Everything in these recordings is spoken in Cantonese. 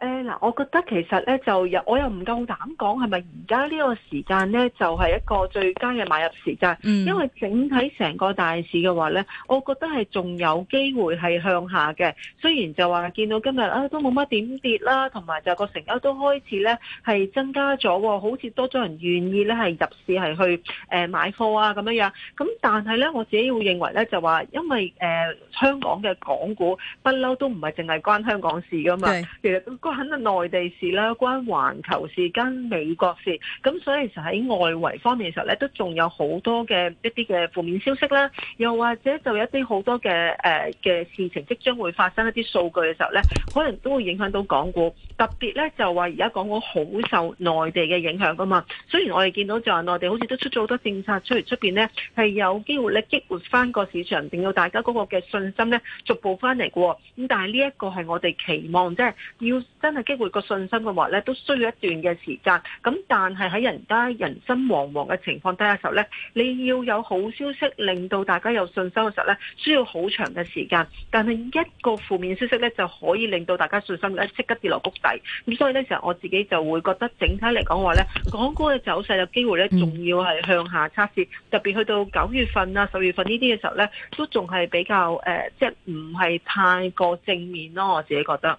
嗱、呃，我覺得其實咧就又，我又唔夠膽講係咪而家呢個時間咧就係、是、一個最佳嘅買入時間，嗯、因為整體成個大市嘅話咧，我覺得係仲有機會係向下嘅。雖然就話見到今日啊都冇乜點跌啦，同埋就個成交都開始咧係增加咗喎，好似多咗人願意咧係入市係去誒、呃、買貨啊咁樣樣。咁但係咧我自己會認為咧就話，因為誒、呃、香港嘅港股不嬲都唔係淨係關香港事㗎嘛，是其實。都肯定內地事啦，關環球事跟美國事，咁所以其實就喺外圍方面嘅時候咧，都仲有好多嘅一啲嘅負面消息啦，又或者就有一啲好多嘅誒嘅事情即將會發生，一啲數據嘅時候咧，可能都會影響到港股。特別咧就話而家港股好受內地嘅影響噶嘛。雖然我哋見到就話內地好似都出咗好多政策出嚟，出邊咧係有機會咧激活翻個市場，令到大家嗰個嘅信心咧逐步翻嚟嘅。咁但係呢一個係我哋期望，即係要。真係機會個信心嘅話咧，都需要一段嘅時間。咁但係喺人家人心惶惶嘅情況底下嘅時候咧，你要有好消息令到大家有信心嘅時候咧，需要好長嘅時間。但係一個負面消息咧，就可以令到大家信心咧即刻跌落谷底。咁所以咧，成日我自己就會覺得整體嚟講話咧，港股嘅走勢有機會咧，仲要係向下測試。嗯、特別去到九月份啊、十月份呢啲嘅時候咧，都仲係比較誒，即係唔係太過正面咯。我自己覺得。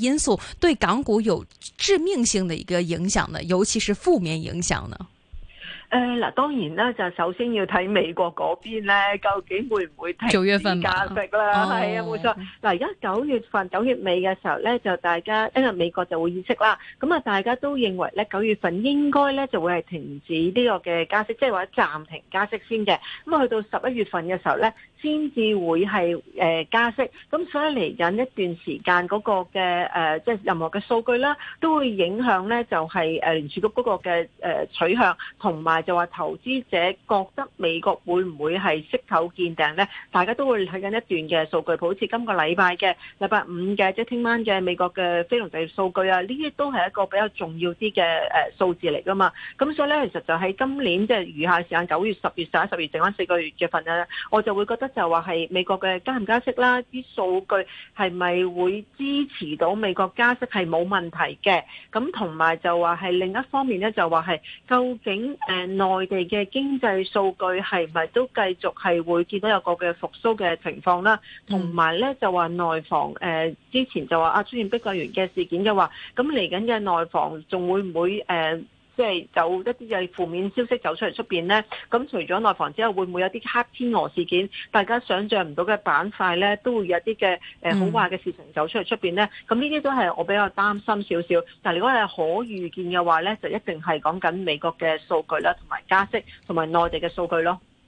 因素對港股有致命性的一個影響呢，尤其是負面影響呢？誒，嗱，當然啦，就首先要睇美國嗰邊咧，究竟會唔會停九月份加息啦？係啊，哦、冇錯。嗱，而家九月份、九月尾嘅時候咧，就大家因為美國就會意識啦，咁啊，大家都認為咧，九月份應該咧就會係停止呢個嘅加息，即係話暫停加息先嘅。咁啊，去到十一月份嘅時候咧。先至會係誒加息，咁所以嚟緊一段時間嗰個嘅即係任何嘅數據啦，都會影響咧，就係、是、誒聯儲局嗰個嘅取向，同埋就話投資者覺得美國會唔會係息口見定見頂咧？大家都會睇緊一段嘅數據，好似今個禮拜嘅禮拜五嘅，即係聽晚嘅美國嘅非農就業數據啊，呢啲都係一個比較重要啲嘅誒數字嚟㗎嘛。咁所以咧，其實就喺今年即係、就是、餘下時間，九月、十月、十一、十二剩返四個月嘅份啊，我就會覺得，就話係美國嘅加唔加息啦，啲數據係咪會支持到美國加息係冇問題嘅？咁同埋就話係另一方面咧，就話係究竟誒內地嘅經濟數據係咪都繼續係會見到有個嘅復甦嘅情況啦？同埋咧就話內房誒之前就話啊出現碧桂園嘅事件嘅話，咁嚟緊嘅內房仲會唔會誒？呃即係有一啲嘅負面消息走出嚟出邊呢。咁除咗內房之後，會唔會有啲黑天鵝事件？大家想象唔到嘅板塊呢，都會有啲嘅誒好壞嘅事情走出嚟出邊呢。咁呢啲都係我比較擔心少少。但如果係可預見嘅話呢，就一定係講緊美國嘅數據啦，同埋加息，同埋內地嘅數據咯。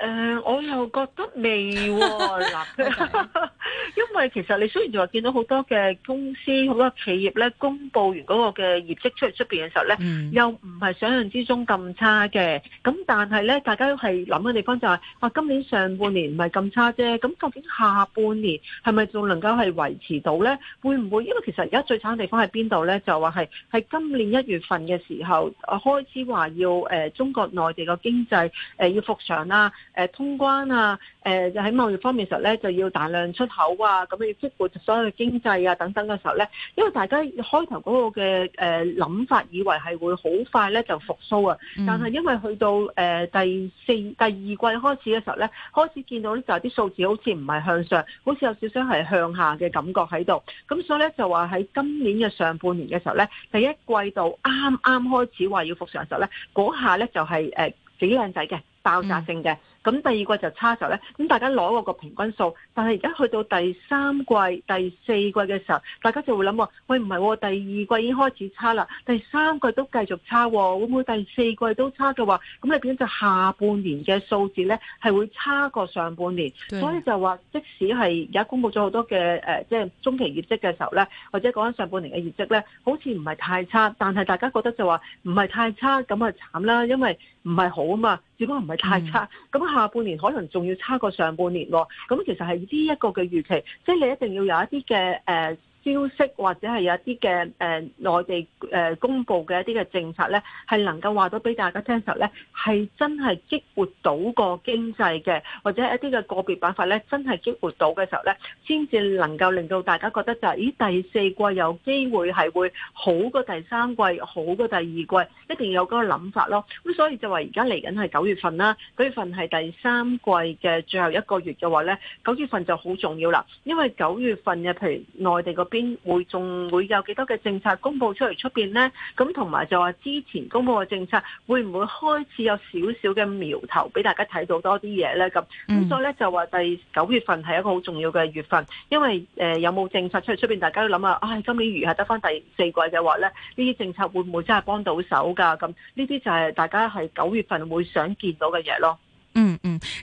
誒、呃，我又覺得未喎、啊，嗱， Okay. 因為其實你雖然就話見到好多嘅公司好多企業咧，公佈完嗰個嘅業績出嚟出面嘅時候咧，mm. 又唔係想像之中咁差嘅。咁但係咧，大家都係諗嘅地方就係、是，啊今年上半年唔係咁差啫。咁究竟下半年係咪仲能夠係維持到咧？會唔會因為其實而家最慘嘅地方係邊度咧？就話係係今年一月份嘅時候開始話要、呃、中國內地嘅經濟、呃、要復常啦、啊。誒通關啊！誒就喺貿易方面嘅時候咧，就要大量出口啊！咁要激活所有嘅經濟啊等等嘅時候咧，因為大家開頭嗰個嘅諗法，以為係會好快咧就復甦啊！嗯、但係因為去到誒、呃、第四第二季開始嘅時候咧，開始見到咧就係啲數字好似唔係向上，好似有少少係向下嘅感覺喺度。咁所以咧就話喺今年嘅上半年嘅時候咧，第一季度啱啱開始話要復常嘅時候咧，嗰下咧就係誒幾靚仔嘅爆炸性嘅。咁第二季就差嘅時候咧，咁大家攞個平均數，但係而家去到第三季、第四季嘅時候，大家就會諗喂，唔係喎，第二季已經開始差啦，第三季都繼續差喎，會唔會第四季都差嘅話，咁你變咗就下半年嘅數字咧係會差過上半年？對所以就話即使係而家公布咗好多嘅誒，即係中期業績嘅時候咧，或者講緊上半年嘅業績咧，好似唔係太差，但係大家覺得就話唔係太差，咁啊，慘啦，因為唔係好啊嘛。只不過唔係太差，咁下半年可能仲要差過上半年喎。咁其實係呢一個嘅預期，即係你一定要有一啲嘅誒。消息或者係有一啲嘅誒內地誒公布嘅一啲嘅政策咧，係能夠話到俾大家聽嘅時候咧，係真係激活到個經濟嘅，或者係一啲嘅個別辦法咧，真係激活到嘅時候咧，先至能夠令到大家覺得就係、是、咦第四季有機會係會好過第三季，好過第二季，一定要有嗰個諗法咯。咁所以就話而家嚟緊係九月份啦，九月份係第三季嘅最後一個月嘅話咧，九月份就好重要啦，因為九月份嘅譬如內地個。邊會仲會有幾多嘅政策公布出嚟出邊呢？咁同埋就話之前公布嘅政策會唔會開始有少少嘅苗頭俾大家睇到多啲嘢呢？咁咁、嗯、所以咧就話第九月份係一個好重要嘅月份，因為誒有冇政策出嚟出邊，大家都諗啊，唉、哎、今年如係得返第四季嘅話咧，呢啲政策會唔會真係幫到手噶？咁呢啲就係大家喺九月份會想見到嘅嘢咯。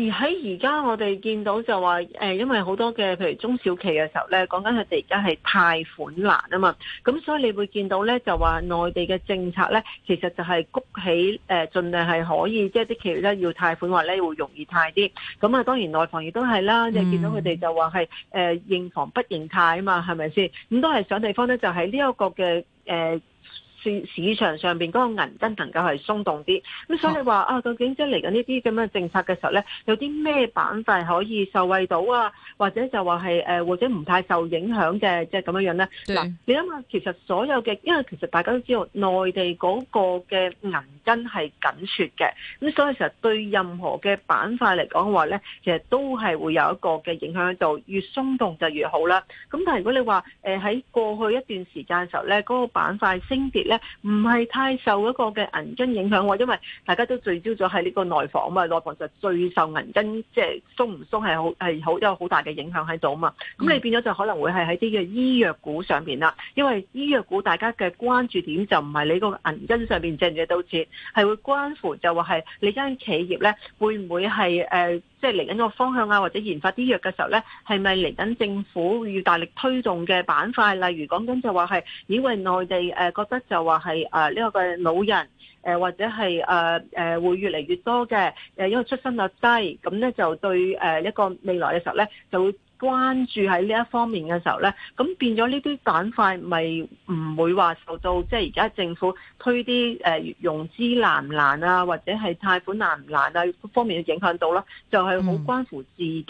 而喺而家我哋見到就話，誒，因為好多嘅譬如中小企嘅時候咧，講緊佢哋而家係貸款難啊嘛，咁所以你會見到咧就話內地嘅政策咧，其實就係谷起誒、呃，盡量係可以即係啲企業咧，要貸款的話咧，會容易貸啲，咁啊當然內房亦都係啦，即係、嗯、見到佢哋就話係誒認房不認貸啊嘛，係咪先？咁都係想地方咧，就喺呢一個嘅誒。呃市市場上邊嗰個銀根能夠係鬆動啲，咁所以話啊，究竟即係嚟緊呢啲咁嘅政策嘅時候咧，有啲咩板塊可以受惠到啊？或者就話係誒，或者唔太受影響嘅，即係咁樣樣咧。嗱對、啊，你諗下，其實所有嘅，因為其實大家都知道，內地嗰個嘅銀真係緊缺嘅，咁所以其實對任何嘅板塊嚟講話咧，其實都係會有一個嘅影響喺度，越鬆動就越好啦。咁但如果你話誒喺過去一段時間嘅時候咧，嗰個板塊升跌咧，唔係太受一個嘅銀根影響喎，因為大家都聚焦咗喺呢個內房嘛，內房就最受銀根即係鬆唔鬆係好係好有好大嘅影響喺度啊嘛。咁你變咗就可能會係喺啲嘅醫藥股上面啦，因為醫藥股大家嘅關注點就唔係你個銀根上面借唔借到錢係會關乎就話係你間企業咧會唔會係誒，即係嚟緊個方向啊，或者研發啲藥嘅時候咧，係咪嚟緊政府要大力推動嘅板塊？例如講緊就話係，因為內地誒覺得就話係誒呢個嘅老人誒，或者係誒誒會越嚟越多嘅，誒，因為出生率低，咁咧就對誒一個未來嘅時候咧就會。關注喺呢一方面嘅時候咧，咁變咗呢啲板塊咪唔會話受到即係而家政府推啲誒、呃、融資難唔難啊，或者係貸款難唔難啊方面嘅影響到咯，就係、是、好關乎自己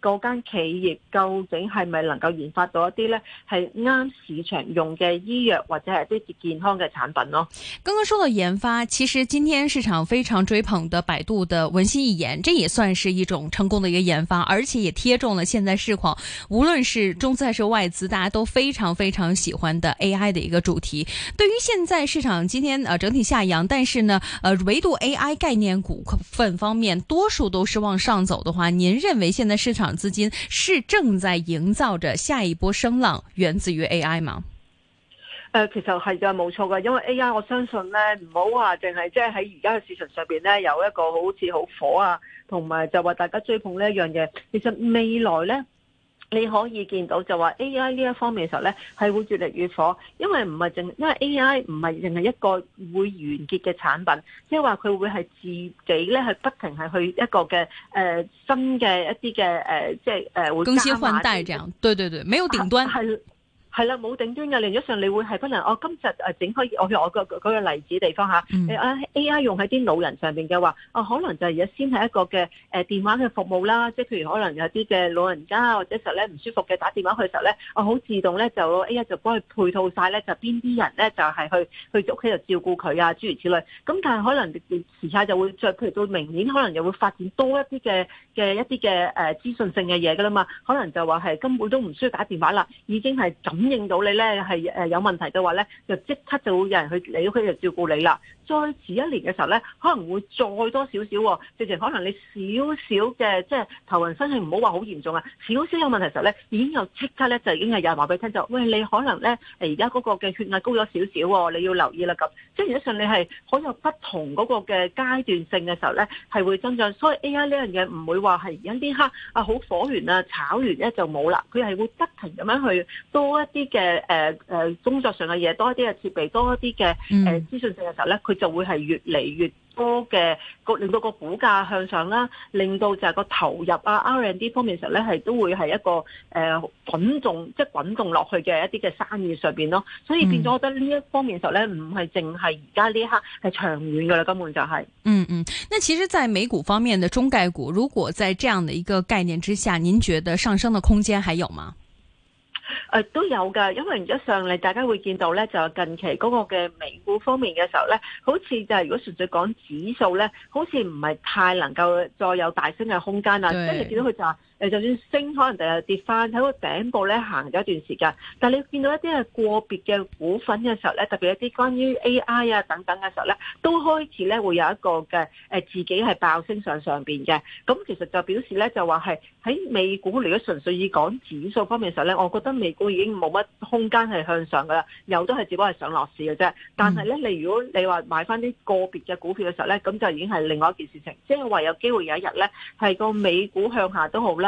嗰間企業究竟係咪能夠研發到一啲咧係啱市場用嘅醫藥或者係啲健康嘅產品咯。剛剛說到研發，其實今天市場非常追捧的百度嘅「文心一言」，這也算是一種成功嘅一個研發，而且也貼中了現在。是的，無論是中資還是外資，大家都非常非常喜歡的 AI 的一個主題。對於現在市場今天、呃、整體下揚，但是呢，呃，唯獨 AI 概念股份方面，多數都是往上走的話，您認為現在市場資金是正在營造着下一波聲浪，源自於 AI 嗎？呃，其實係就係，冇錯嘅，因為 AI，我相信呢，唔好話淨係即係喺而家嘅市場上邊呢，有一個好似好火啊，同埋就話大家追捧呢一樣嘢，其實未來呢。你可以見到就話 AI 呢一方面嘅時候咧，係會越嚟越火，因為唔係淨，因為 AI 唔係淨係一個會完結嘅產品，即係話佢會係自己咧係不停係去一個嘅誒、呃、新嘅一啲嘅誒即係誒、呃、會更新換代這樣，對對對，沒有頂端。啊。係啦，冇頂端嘅。另一上，你會係不能我、哦、今日誒整開，我去我個舉個例子地方下、嗯、A.I. 用喺啲老人上面嘅話，哦，可能就而家先係一個嘅誒電話嘅服務啦。即、係、譬如可能有啲嘅老人家或者實咧唔舒服嘅，打電話去時候咧，我、哦、好自動咧就 A.I. 就幫佢配套晒咧，就邊啲人咧就係去去屋企度照顧佢啊，諸如此類。咁但係可能時下就會再，譬如到明年可能又會發展多一啲嘅嘅一啲嘅誒資訊性嘅嘢㗎啦嘛。可能就話係根本都唔需要打電話啦，已經係咁。應到你咧係誒有問題嘅話咧，就即刻就會有人去你屋企就照顧你啦。再遲一年嘅時候咧，可能會再多少少、哦，直情可能你少少嘅即係頭暈身氣，唔好話好嚴重啊，少少有問題嘅時候咧，已經有即刻咧就已經係有人話俾你聽就喂，你可能咧誒而家嗰個嘅血壓高咗少少，你要留意啦咁。即係實質上你係會有不同嗰個嘅階段性嘅時候咧，係會增長。所以 AI 呢樣嘢唔會話係而家呢刻，啊好火完啊炒完咧就冇啦，佢係會不停咁樣去多一。啲嘅誒誒工作上嘅嘢，多一啲嘅設備，多一啲嘅誒資訊性嘅時候咧，佢就會係越嚟越多嘅，令到個股價向上啦，令到就係個投入啊 R N D 方面時候咧係都會係一個誒滾動，即係滾動落去嘅一啲嘅生意上邊咯，所以變咗我覺得呢一方面實咧唔係淨係而家呢一刻，係長遠噶啦，根本就係。嗯嗯，那其實，在美股方面嘅中概股，如果在這樣嘅一個概念之下，您覺得上升嘅空間還有嗎？誒、呃，都有噶，因為而家上嚟，大家會見到咧，就近期嗰個嘅美股方面嘅時候咧，好似就係如果純粹講指數咧，好似唔係太能夠再有大升嘅空間啦。跟住見到佢就話。誒，就算升可能跌，第日跌翻喺個頂部咧，行咗一段時間。但係你見到一啲係個別嘅股份嘅時候咧，特別一啲關於 AI 啊等等嘅時候咧，都開始咧會有一個嘅自己係爆升上上邊嘅。咁其實就表示咧，就話係喺美股，如果純粹以講指數方面嘅時候咧，我覺得美股已經冇乜空間係向上噶啦，又都係只不過係上落市嘅啫。但係咧，你如果你話買翻啲個別嘅股票嘅時候咧，咁就已經係另外一件事情，即係話有機會有一日咧，係個美股向下都好啦。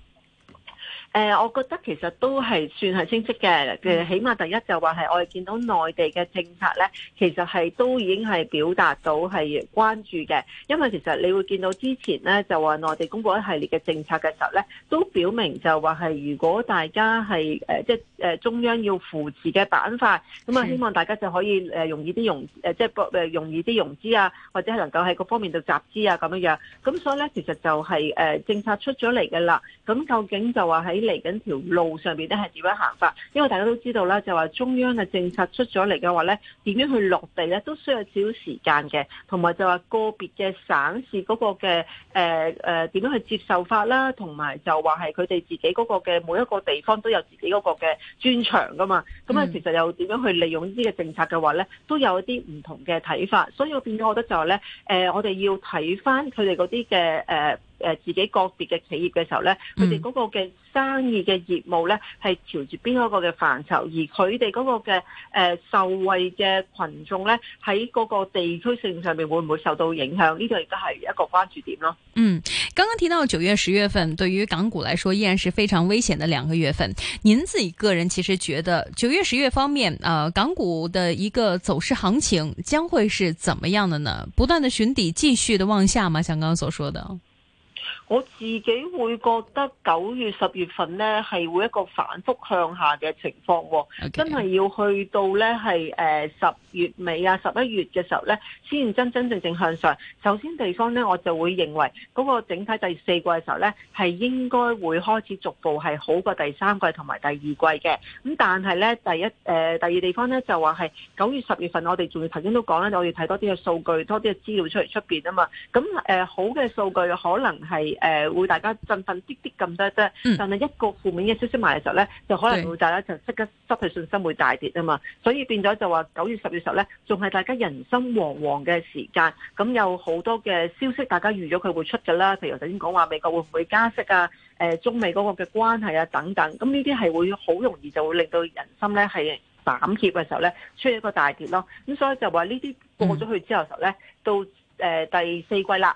誒，我覺得其實都係算係清晰嘅，起碼第一就話係我哋見到內地嘅政策咧，其實係都已經係表達到係關注嘅。因為其實你會見到之前咧，就話內地公布一系列嘅政策嘅時候咧，都表明就話係如果大家係誒即係誒中央要扶持嘅板塊，咁啊的希望大家就可以誒容易啲融誒即係誒容易啲融資啊，或者係能夠喺各方面度集資啊咁樣樣。咁所以咧，其實就係誒政策出咗嚟噶啦。咁究竟就話喺嚟緊條路上邊咧係點樣行法？因為大家都知道啦，就話中央嘅政策出咗嚟嘅話咧，點樣去落地咧都需要少少時間嘅，同埋就話個別嘅省市嗰個嘅誒誒點樣去接受法啦，同埋就話係佢哋自己嗰個嘅每一個地方都有自己嗰個嘅專長㗎嘛，咁啊、嗯、其實又點樣去利用呢啲嘅政策嘅話咧，都有一啲唔同嘅睇法，所以我變咗我覺得就係、是、咧，誒、呃、我哋要睇返佢哋嗰啲嘅誒、呃誒、呃，自己個別嘅企業嘅時候呢，佢哋嗰個嘅生意嘅業務呢，係朝住邊一個嘅範疇，而佢哋嗰個嘅誒、呃、受惠嘅群眾呢，喺嗰個地區性上面會唔會受到影響？呢個亦都係一個關注點咯。嗯，剛剛提到九月十月份，對於港股來說依然是非常危險的兩個月份。您自己個人其實覺得九月十月方面，啊、呃，港股嘅一個走勢行情將會是怎麼樣的呢？不斷的循底，繼續的往下嗎？像剛剛所說的。我自己會覺得九月十月份呢，係會一個反覆向下嘅情況，哦，Okay. 真係要去到呢，係誒十月尾啊十一月嘅時候呢，先真真正正向上。首先地方呢，我就會認為嗰個整體第四季嘅時候呢，係應該會開始逐步係好過第三季同埋第二季嘅。咁但係呢，第一、呃、第二地方呢，就話係九月十月份，我哋仲頭先都講呢，我要睇多啲嘅數據、多啲嘅資料出嚟出面啊嘛。咁、呃、好嘅數據可能係。誒、呃、會大家振奮啲啲咁多啫，嗯、但係一個負面嘅消息埋嘅時候咧，就可能會大家就即刻失去信心會大跌啊嘛，的所以變咗就話九月、十月時候咧，仲係大家人心惶惶嘅時間，咁有好多嘅消息大家預咗佢會出㗎啦，譬如頭先講話美國會唔會加息啊，呃、中美嗰個嘅關係啊等等，咁呢啲係會好容易就會令到人心咧係膽怯嘅時候咧，出一個大跌咯，咁所以就話呢啲過咗去之後嘅時候咧，嗯、到誒、呃、第四季啦，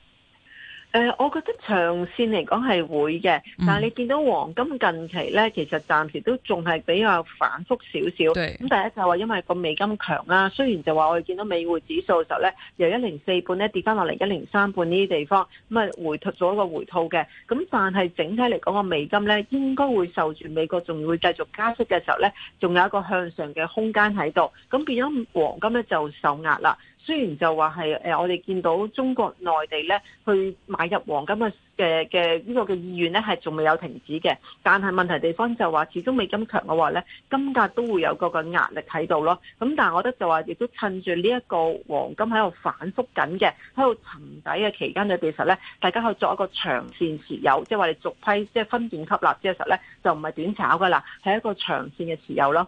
誒、呃，我覺得長線嚟講係會嘅，但你見到黃金近期咧，其實暫時都仲係比較反覆少少。咁對第一就係因為個美金強啦，啊，雖然就話我哋見到美匯指數嘅時候咧，由一零四半咧跌翻落嚟一零三半呢啲地方，咁，嗯、啊回吐咗做一個回吐嘅。咁但係整體嚟講，個美金咧應該會受住美國仲會繼續加息嘅時候咧，仲有一個向上嘅空間喺度。咁變咗黃金咧就受壓啦。雖然就話係誒，我哋見到中國內地咧去買入黃金嘅嘅呢個嘅意願咧係仲未有停止嘅，但係問題地方就始終話始終美金強嘅話咧，金價都會有個個壓力喺度咯。咁但係我覺得就話亦都趁住呢一個黃金喺度反覆緊嘅，喺度沉底嘅期間裏邊，其實咧大家去作一個長線持有，即係話你逐批即係分段吸納即嘅時候咧，就唔係短炒噶啦，係一個長線嘅持有咯。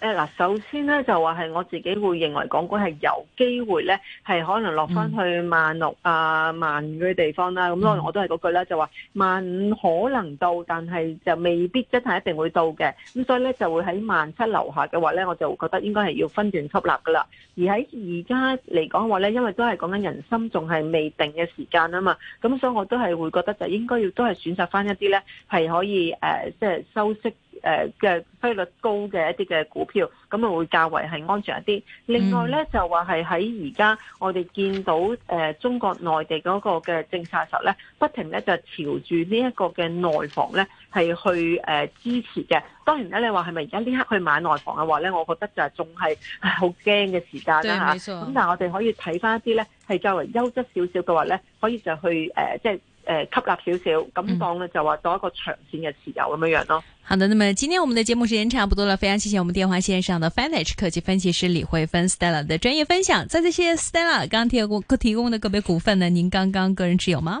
誒嗱，首先咧就話係我自己會認為港股係有機會咧，係可能落翻去萬六、嗯、啊萬五嘅地方啦。咁、嗯、當然我都係嗰句啦，就話萬五可能到，但係就未必真係、即係、一定會到嘅。咁所以咧就會喺萬七樓下嘅話咧，我就覺得應該係要分段吸納噶啦。而喺而家嚟講嘅話咧，因為都係講緊人心仲係未定嘅時間啊嘛。咁所以我都係會覺得就應該要都係選擇翻一啲咧係可以誒、呃，即係收息。誒嘅息率高嘅一啲嘅股票，咁啊會較為係安全一啲。另外咧、嗯、就話係喺而家我哋見到誒、呃、中國內地嗰個嘅政策嘅時候咧，不停咧就朝住呢一個嘅內房咧係去誒、呃、支持嘅。當然咧，你話係咪而家呢刻去買內房嘅話咧，我覺得就係仲係好驚嘅時間啦吓。咁、啊、但係我哋可以睇翻一啲咧係較為優質少少嘅話咧，可以就去誒、呃、即係。誒、呃，吸納少少，咁當咧、嗯、就話做一個長線嘅持有咁樣樣咯。好的，那麼今天我們的節目時間差不多啦，非常謝謝我們電話線上的 Finance 科技分析師李慧芬 Stella 的專業分享。再謝謝 Stella 剛提供的個別股份呢？您剛剛個人持有嗎？